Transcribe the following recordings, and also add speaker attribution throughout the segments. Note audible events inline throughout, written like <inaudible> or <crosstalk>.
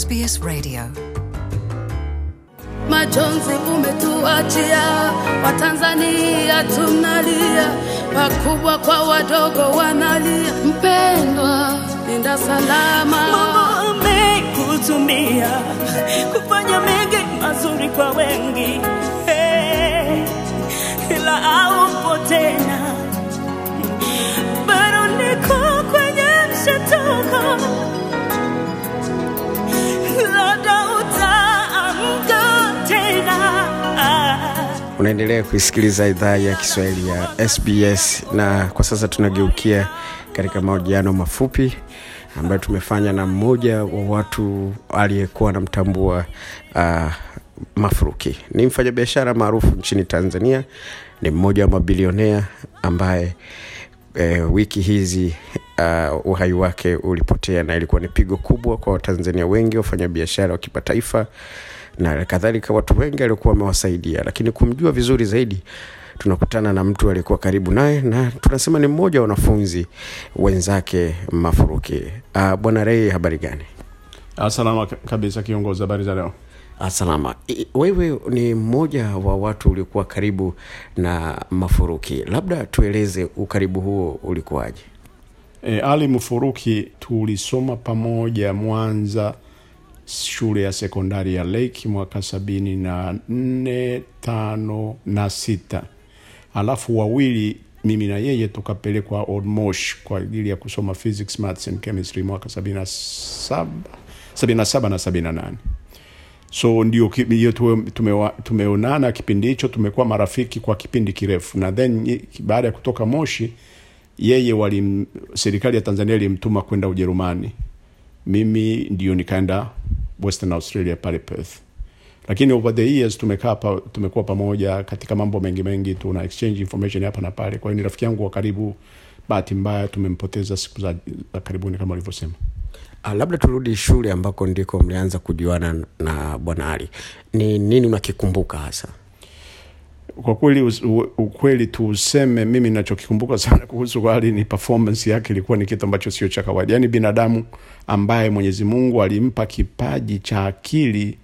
Speaker 1: SBS Radio. Majonzi umetuachia, Watanzania tunalia, wakubwa kwa wadogo wanalia. Mpendwa, nenda salama. Mungu amekutumia kufanya mengi mazuri kwa wengi, hey, ila aupo tena, bado niko kwenye mshtuko Unaendelea kuisikiliza idhaa ya Kiswahili ya SBS na kwa sasa tunageukia katika mahojiano mafupi ambayo tumefanya na mmoja wa watu aliyekuwa anamtambua uh, ah, mafuruki Ni mfanyabiashara maarufu nchini Tanzania, ni mmoja wa mabilionea ambaye eh, wiki hizi uh, uhai wake ulipotea na ilikuwa ni pigo kubwa kwa Watanzania wengi, wafanyabiashara wa kimataifa na kadhalika. Watu wengi alikuwa wamewasaidia lakini kumjua vizuri zaidi tunakutana na mtu aliyekuwa karibu naye na tunasema ni mmoja wa wanafunzi wenzake Mafuruki. Uh, Bwana Rei, habari gani? Ah, salama kabisa kiongozi, habari za leo? Ah, salama. Wewe ni mmoja wa watu uliokuwa karibu na Mafuruki, labda tueleze ukaribu huo ulikuwaje? E, Ali Mfuruki tulisoma pamoja Mwanza
Speaker 2: shule ya sekondari ya Lake mwaka sabini na nne tano na sita alafu wawili mimi na yeye tukapelekwa Old Mosh kwa ajili ya kusoma physics, maths and chemistry mwaka sabini na saba sabini na saba na sabini na nane so ndio tumeonana tume kipindi hicho tumekuwa marafiki kwa kipindi kirefu na then baada ya kutoka moshi yeye wali serikali ya tanzania ilimtuma kwenda ujerumani mimi ndio nikaenda Western Australia pale Perth. Lakini over the years tumekaa pa, tumekuwa pamoja katika mambo mengi mengi, tuna exchange information hapa na pale. Kwa hiyo ni rafiki yangu wa karibu.
Speaker 1: Bahati mbaya tumempoteza siku za, za karibuni kama ulivyosema. Ah, labda turudi shule ambako ndiko mlianza kujuana na Bwana Ali. Ni nini unakikumbuka hasa? kwa kweli ukweli tuuseme, mimi nachokikumbuka <laughs> sana kuhusu Ghali
Speaker 2: ni performance yake ilikuwa ni kitu ambacho sio cha kawaida, Yani binadamu ambaye Mwenyezi Mungu alimpa kipaji cha akili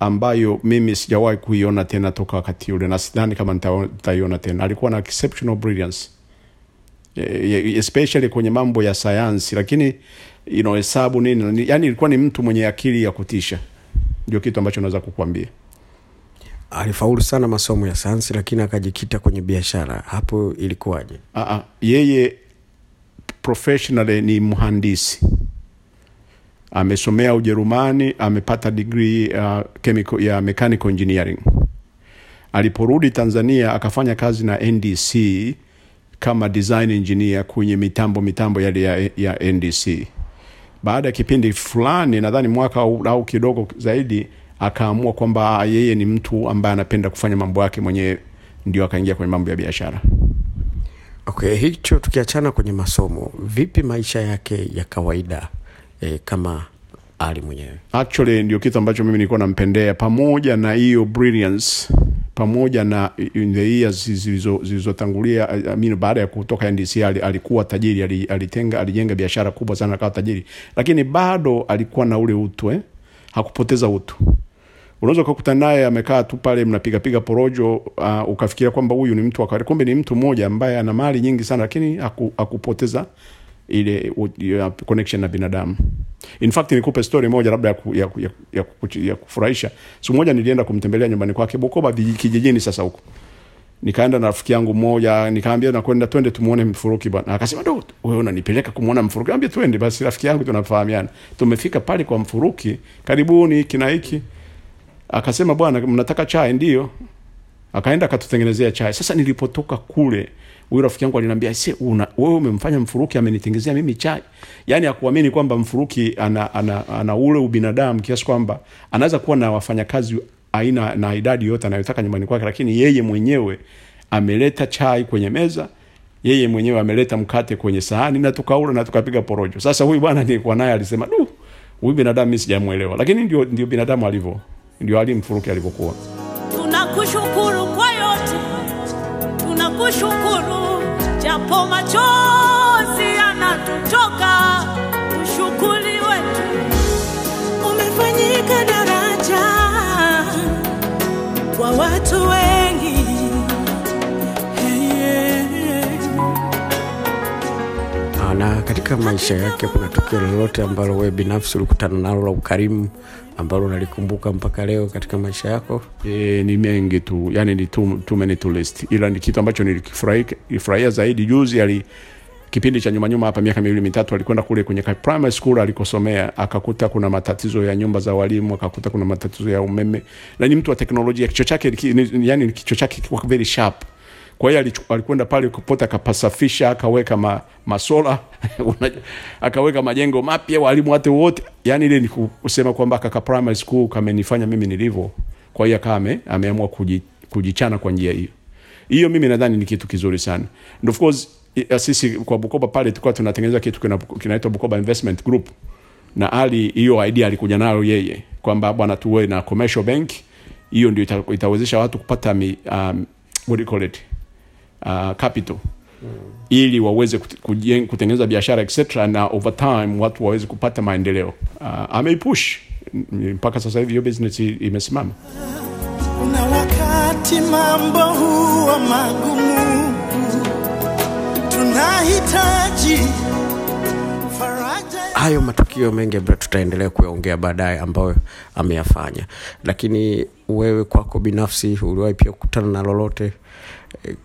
Speaker 2: ambayo mimi sijawahi kuiona tena toka wakati ule, na sidhani kama nitaiona tena. Alikuwa na exceptional brilliance e, e, especially kwenye mambo ya sayansi, lakini you know, hesabu nini, yani ilikuwa ni mtu
Speaker 1: mwenye akili ya kutisha, ndio kitu ambacho naweza kukuambia alifaulu sana masomo ya sayansi lakini akajikita kwenye biashara hapo ilikuwaje ah, ah, yeye
Speaker 2: professionally ni mhandisi amesomea ujerumani amepata digrii uh, chemical, ya mechanical engineering aliporudi tanzania akafanya kazi na ndc kama design engineer kwenye mitambo mitambo yale ya, ya ndc baada ya kipindi fulani nadhani mwaka au, au kidogo zaidi akaamua kwamba yeye ni mtu ambaye anapenda kufanya
Speaker 1: mambo yake mwenyewe ndio akaingia kwenye mambo ya biashara okay hicho tukiachana kwenye masomo vipi maisha yake ya kawaida e, kama
Speaker 2: ali mwenyewe actually ndio kitu ambacho mimi nilikuwa nampendea pamoja na hiyo brilliance pamoja na the years zilizotangulia I mean, baada ya kutoka ndc alikuwa tajiri alitenga alijenga biashara kubwa sana akawa tajiri lakini bado alikuwa na ule utwe eh? hakupoteza utu. Unaweza ukakutana naye amekaa tu pale, mnapigapiga porojo uh, ukafikiria kwamba huyu ni mtu wa kawaida, kumbe ni mtu mmoja ambaye ana mali nyingi sana, lakini hakupoteza aku, ile uh, connection na binadamu. In fact nikupe story moja labda ya, ku, ya, ya, ya, ya, ya kufurahisha. Siku moja nilienda kumtembelea nyumbani kwake Bukoba kijijini, sasa huko nikaenda na rafiki yangu mmoja nikaambia nakwenda twende tumuone mfuruki bwana akasema ndo wewe unanipeleka kumuona mfuruki ambia twende basi rafiki yangu tunafahamiana tumefika pale kwa mfuruki karibuni kina hiki akasema bwana mnataka chai ndio akaenda akatutengenezea chai sasa nilipotoka kule huyu rafiki yangu aliniambia se wewe umemfanya mfuruki amenitengezea mimi chai yaani akuamini kwamba mfuruki ana, ana, ana, ana ule ubinadamu kiasi kwamba anaweza kuwa na wafanyakazi aina na idadi yote anayotaka nyumbani kwake lakini yeye mwenyewe ameleta chai kwenye meza yeye mwenyewe ameleta mkate kwenye sahani na tukaula na tukapiga porojo sasa huyu bwana nilikuwa naye alisema du huyu binadamu mi sijamwelewa lakini ndio, ndio binadamu alivyo ndio ali mfuruki alivyokuwa
Speaker 1: tunakushukuru kwa yote tunakushukuru japo machozi yanatutoka katika maisha yake kuna tukio lolote ambalo wewe binafsi ulikutana nalo la ukarimu ambalo unalikumbuka mpaka leo katika maisha yako?
Speaker 2: E, ni mengi tu, yani ni too, too many to list, ila ni kitu ambacho nilikifurahia zaidi juzi ali kipindi cha nyuma nyuma hapa miaka miwili mitatu alikwenda kule kwenye primary school alikosomea akakuta kuna matatizo ya nyumba za walimu akakuta kuna matatizo ya umeme na ni mtu wa teknolojia kichwa chake yani kichwa chake kwa very sharp kwa hiyo alikwenda pale popote akapasafisha, akaweka ma, masola <laughs> akaweka majengo mapya, walimu wate wote. Yani ile ni kusema kwamba kaka primary school kamenifanya mimi nilivyo. Kwa hiyo kame ameamua kujichana kwa njia hiyo hiyo, mimi nadhani ni kitu kizuri sana. And of course sisi kwa Bukoba pale tulikuwa tunatengeneza kitu kinaitwa Bukoba Investment Group, na ali hiyo idea alikuja nayo yeye kwamba bwana, tuwe na commercial bank. Hiyo ndio itawezesha watu kupata mi, um, what do you call it uh, capital mm. ili waweze kutengeneza biashara etc na over time watu waweze kupata maendeleo uh, ameipush mpaka sasa hivi hiyo business imesimama
Speaker 1: na wakati mambo huwa magumu tunahitaji hayo matukio mengi ambayo tutaendelea kuyaongea baadaye ambayo ameyafanya lakini wewe kwako binafsi uliwahi pia kukutana na lolote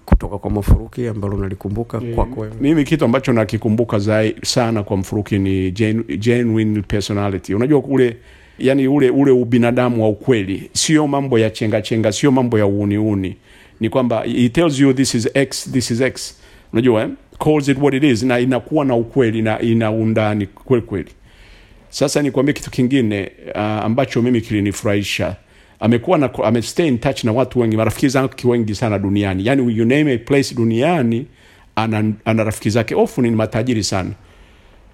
Speaker 1: kutoka kwa Mafuruki ambalo nalikumbuka yeah. kwako wewe? Mimi kitu
Speaker 2: ambacho nakikumbuka zai, sana kwa Mfuruki ni genu, genuine personality. Unajua kule yani ule ule ubinadamu wa ukweli, sio mambo ya chenga chenga, sio mambo ya uuni uuni. Ni kwamba he tells you this is x, this is x. Unajua eh? calls it what it is, na inakuwa na ukweli na ina undani kweli kweli. Sasa ni kwambie kitu kingine uh, ambacho mimi kilinifurahisha amekuwa na amestay in touch na watu wengi marafiki zake wengi sana duniani yani you name a place duniani ana, ana rafiki zake ofu ni matajiri sana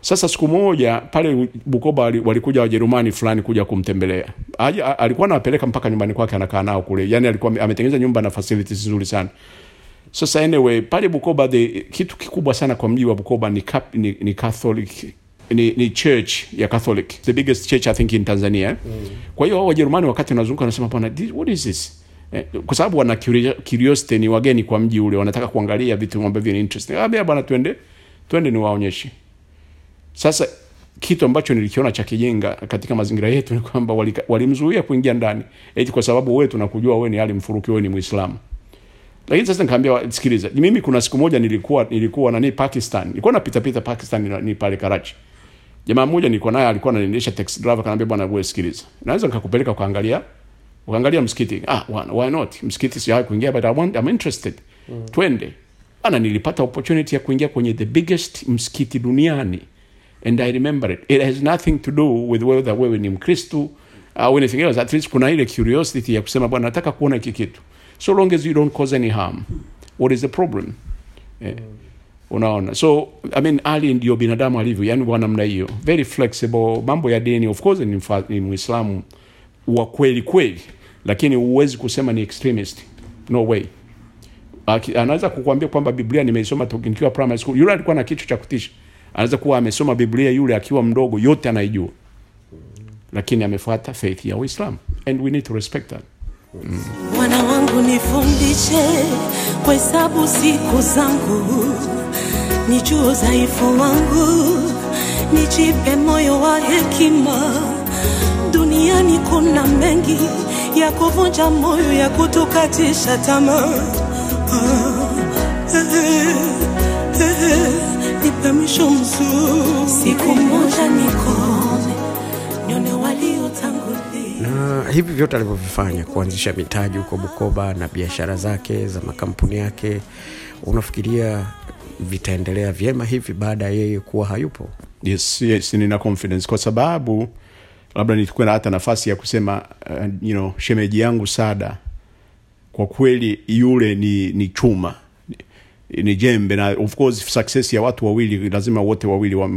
Speaker 2: sasa siku moja pale bukoba walikuja wajerumani fulani kuja kumtembelea Aja, alikuwa anawapeleka mpaka nyumbani kwake anakaa nao kule yani alikuwa ametengeneza nyumba na facilities nzuri sana sasa anyway pale bukoba the, kitu kikubwa sana kwa mji wa bukoba ni, ni, ni catholic ni, ni church ya Catholic, the biggest church I think in Tanzania mm. Kwa hiyo hao Wajerumani wakati wanazunguka wanasema bwana, what is this eh, kwa sababu wana curiosity, ni wageni kwa mji ule, wanataka kuangalia vitu ambavyo ni interesting. Ah, bwana, twende twende ni waonyeshe. Sasa kitu ambacho nilikiona cha kijenga katika mazingira yetu ni kwamba walimzuia wali kuingia ndani eti kwa sababu wewe tunakujua wewe ni Ali Mfuruki, wewe ni Muislamu. Lakini sasa nikaambia sikiliza, mimi kuna siku moja nilikuwa nilikuwa nani Pakistan, nilikuwa napita pita Pakistan ni pale Karachi jamaa mmoja nilikuwa naye alikuwa ananiendesha taxi driver, kanaambia bwana, wewe sikiliza, naweza nikakupeleka kuangalia ukaangalia msikiti. Ah, why not? Msikiti si hai kuingia, but I want, I'm interested. Mm. Twende. Ana, nilipata opportunity ya kuingia kwenye the biggest msikiti duniani and I remember it. It has nothing to do with whether wewe ni Mkristo au uh, anything else. At least kuna ile curiosity ya kusema bwana, nataka kuona hiki kitu, so long as you don't cause any harm, what is the problem? Eh, mm. Unaona, so I mean, Ali ndio binadamu alivyo, yani kwa namna hiyo, very flexible. Mambo ya dini, of course, ni ni Muislamu wa kweli kweli, lakini huwezi kusema ni extremist, no way. Anaweza kukuambia kwamba Biblia nimeisoma toka nikiwa primary school. Yule alikuwa na kitu cha kutisha, anaweza kuwa amesoma Biblia yule akiwa mdogo, yote anaijua, lakini amefuata faith ya Uislamu, and we need to respect that
Speaker 1: mm unifundishe kuhesabu siku zangu, nijue udhaifu wangu, nijipe moyo wa hekima. Duniani kuna mengi ya kuvunja moyo, ya kutukatisha tamaa ah, eh, eh. na hivi vyote alivyovifanya kuanzisha mitaji huko bukoba na biashara zake za makampuni yake unafikiria vitaendelea vyema hivi baada ya yeye kuwa hayupo yes, yes, nina confidence kwa sababu labda
Speaker 2: nitakuwa na hata nafasi ya kusema uh, you know, shemeji yangu sada kwa kweli yule ni, ni chuma ni jembe na of course success ya watu wawili lazima wote wawili wa,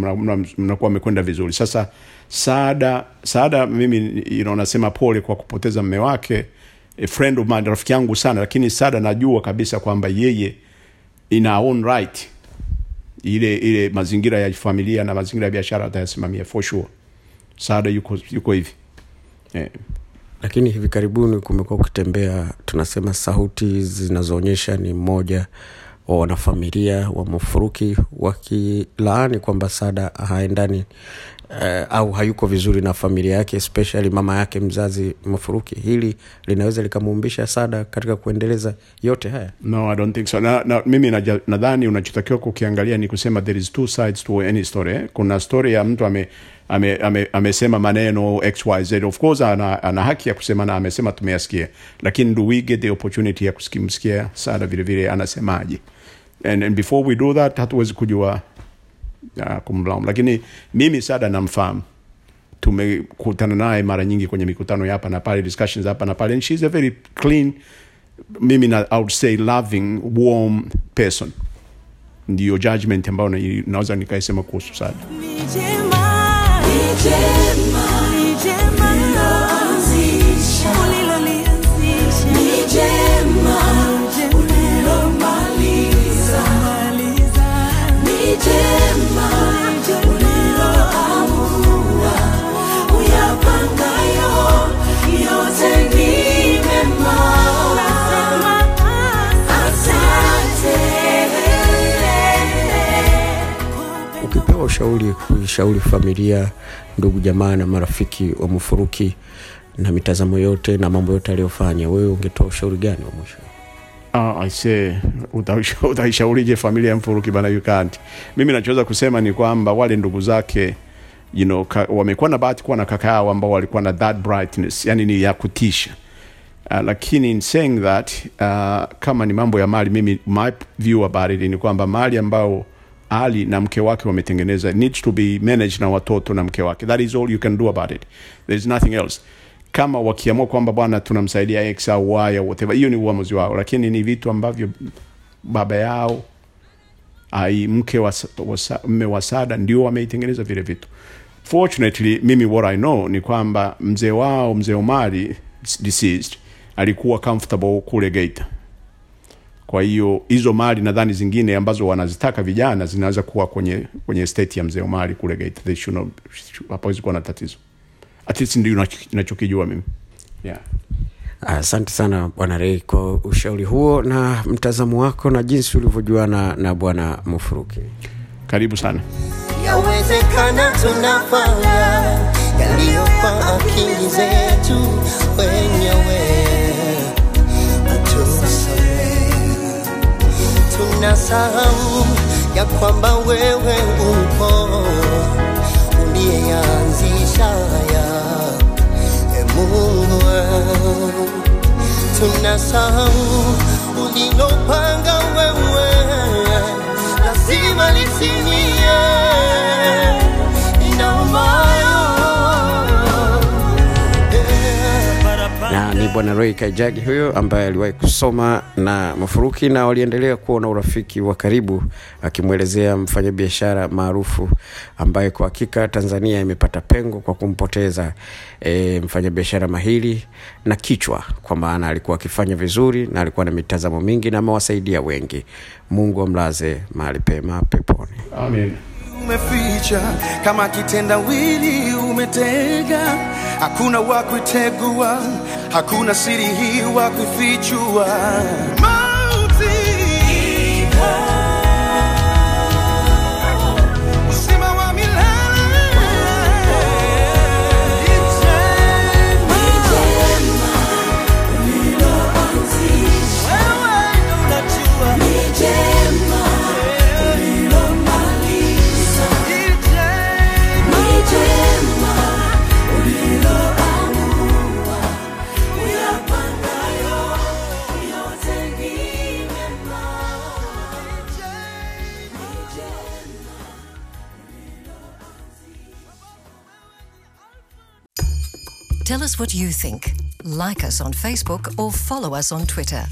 Speaker 2: mnakuwa mna, vizuri sasa saada saada mimi you know, nasema pole kwa kupoteza mme wake a friend of mine rafiki yangu sana lakini saada najua kabisa kwamba yeye ina own right ile ile mazingira ya familia na mazingira ya biashara atayasimamia for sure saada yuko yuko
Speaker 1: hivi yeah lakini hivi karibuni kumekuwa ukitembea tunasema sauti zinazoonyesha ni moja wa wanafamilia wa mufuruki wakilaani kwamba Sada haendani eh, au hayuko vizuri na familia yake especially mama yake mzazi mufuruki Hili linaweza likamuumbisha Sada katika kuendeleza yote haya? No, I don't think so. Na, na, mimi nadhani na unachotakiwa kukiangalia ni kusema there
Speaker 2: is two sides to any story eh? Kuna story ya mtu ame amesema ame, ame, ame maneno xyz of course ana, ana haki ya kusema na amesema tumeyasikia, lakini do we get the opportunity ya kumsikia Sada vilevile anasemaje? and, and before we do that hatuwezi kujua uh, kumlaum lakini mimi sada namfahamu tumekutana naye mara nyingi kwenye mikutano ya hapa na pale discussions hapa na pale and she's a very clean mimi na, I would say loving warm person ndiyo judgment ambayo naweza nikaisema kuhusu sada
Speaker 1: Nijema. Nijema. kushauri kuishauri familia, ndugu, jamaa na marafiki wa Mufuluki na mitazamo yote na mambo yote aliyofanya, wewe ungetoa ushauri gani wa mwisho?
Speaker 2: Ah, aise, <laughs> utaishaurije familia ya mfuruki bana yukanti? Mimi nachoweza kusema ni kwamba wale ndugu zake you know, ka, wamekuwa na bahati kuwa na kaka yao ambao walikuwa na that brightness, yani ni ya kutisha. Uh, lakini in saying that uh, kama ni mambo ya mali, mimi my view about it ni kwamba mali ambao ali na mke wake wametengeneza needs to be managed na watoto na mke wake. That is all you can do about it, there is nothing else. Kama wakiamua kwamba bwana, tunamsaidia x au y au whatever, hiyo ni uamuzi wao, lakini ni vitu ambavyo baba yao ai mke wa, wasa, mme wa Sada ndio wameitengeneza vile vitu. Fortunately, mimi what I know ni kwamba mzee wao mzee Omari deceased alikuwa comfortable kule Geita kwa hiyo hizo mali nadhani zingine ambazo wanazitaka vijana zinaweza kuwa kwenye kwenye estate ya mzee Omari kule Geita, they should not, hapawezi kuwa na tatizo. At least
Speaker 1: ndio ninachokijua mimi yeah. Asante uh, sana Bwana Rei kwa ushauri huo na mtazamo wako na jinsi ulivyojuana na, na Bwana Mufuruki. Karibu sana. Yawezekana tunafanya yaliyofaa akili zetu wenyewe usisahau ya kwamba wewe upo uliyeanzisha haya. E Mungu, tunasahau ulilopanga wewe, lazima lisini ni bwana Roy Kaijagi huyo ambaye aliwahi kusoma na Mafuruki na waliendelea kuwa na urafiki wa karibu, akimwelezea mfanyabiashara maarufu ambaye kwa hakika Tanzania imepata pengo kwa kumpoteza e, mfanyabiashara mahiri na kichwa, kwa maana alikuwa akifanya vizuri na alikuwa na mitazamo mingi na amewasaidia wengi. Mungu amlaze mahali pema peponi. Amen. Umeficha kama kitendawili umetega, hakuna wa kuitegua hakuna siri hii wa kufichua. what you think. Like us on Facebook or follow us on Twitter.